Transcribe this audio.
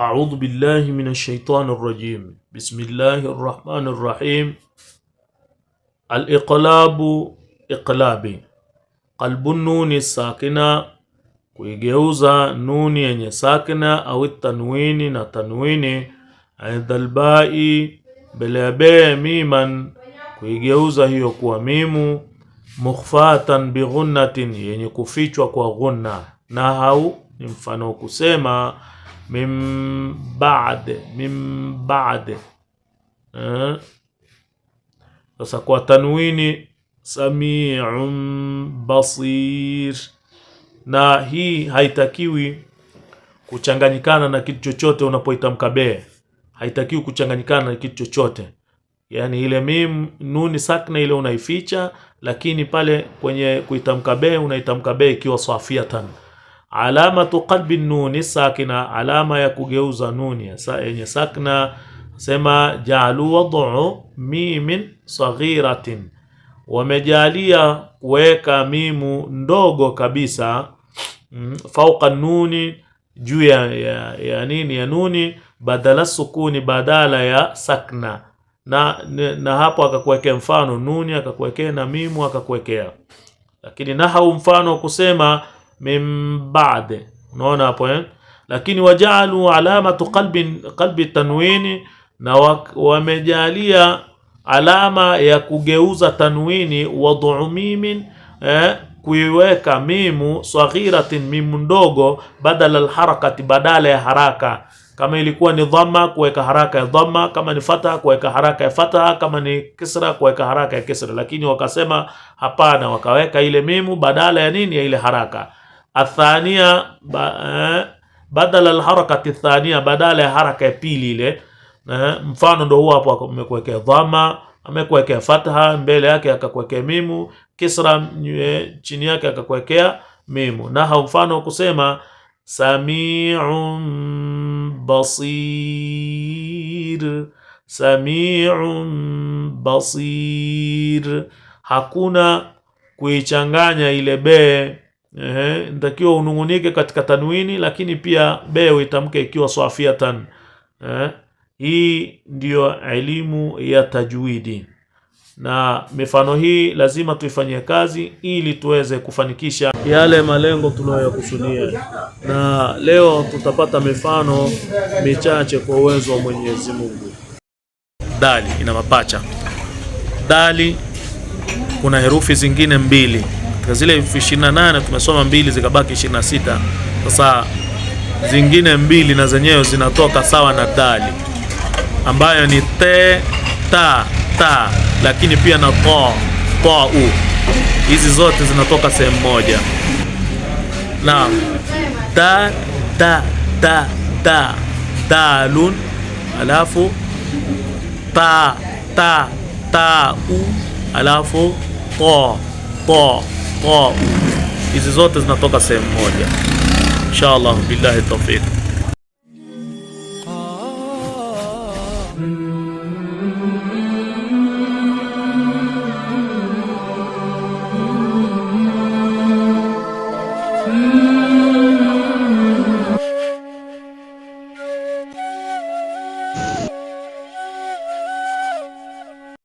audhu بالله من الشيطان الرجيم بسم الله الرحمن الرحيم الإقلاب إقلابي qalbu nuni sakina kuigeuza nuni yenye sakina au tanwini na tanwini aidhalbai mbele ya bee miman kuigeuza hiyo kuwa mimu mukhfatan bighunnatin yenye kufichwa kwa ghunna nahau ni mfano kusema min baad min baad. Eh? Sasa kwa tanwini samiun basir, na hii haitakiwi kuchanganyikana na kitu chochote unapoitamka be, haitakiwi kuchanganyikana na kitu chochote. Yani ile mim nuni sakna ile unaificha, lakini pale kwenye kuitamka be unaitamka be ikiwa safiatan alamatu qalbi nuni sakina, alama ya kugeuza nuni yenye sakna. Sema jaalu wad'u mimin saghiratin, wamejalia kuweka mimu ndogo kabisa mm, fauqa nuni, juu ya, ya, ya nini ya nuni, badala sukuni, badala ya sakna na, na hapo akakuwekea mfano nuni, akakuwekea na mimu akakuwekea, lakini nahau mfano kusema min ba'de. Unaona hapo eh? Lakini wajalu alamatu qalbi qalbi tanwini, na wamejalia alama ya kugeuza tanwini wad'u mimin eh, kuiweka mimu saghiratin, mimu ndogo, badala alharakati, badala ya haraka. Kama ilikuwa ni dhamma, kuweka haraka ya dhamma. Kama ni fatha, kuweka haraka ya fatha. Kama ni kisra, kuweka haraka ya kisra. Lakini wakasema hapana, wakaweka ile mimu badala ya nini, ya ile haraka athania ba, eh, badala alharakati thania, badala ya haraka ya pili ile eh, mfano ndo huo hapo, amekuwekea dhama amekuwekea fatha mbele yake, akakuwekea mimu kisra nye, eh, chini yake akakuwekea mimu na mfano kusema samiun basir, samiun basir, hakuna kuichanganya ile be ehe, nitakiwa unung'unike katika tanwini, lakini pia beo itamke ikiwa swafiatan Ehe, Hii ndiyo elimu ya tajwidi, na mifano hii lazima tuifanyie kazi ili tuweze kufanikisha yale malengo tunayokusudia. Na leo tutapata mifano michache kwa uwezo wa Mwenyezi Mungu. Dali ina mapacha. Dali kuna herufi zingine mbili katika zile elfu ishirini na nane tumesoma mbili zikabaki 26. Sasa zingine mbili na zenyewe zinatoka sawa na dali ambayo ni te ta ta, lakini pia na ta ta u, hizi zote zinatoka sehemu moja. na ta ta ta ta dalun, alafu ta ta ta u, alafu ta ta atau hizi zote zinatoka sehemu moja. Inshallah, billahi tawfiq.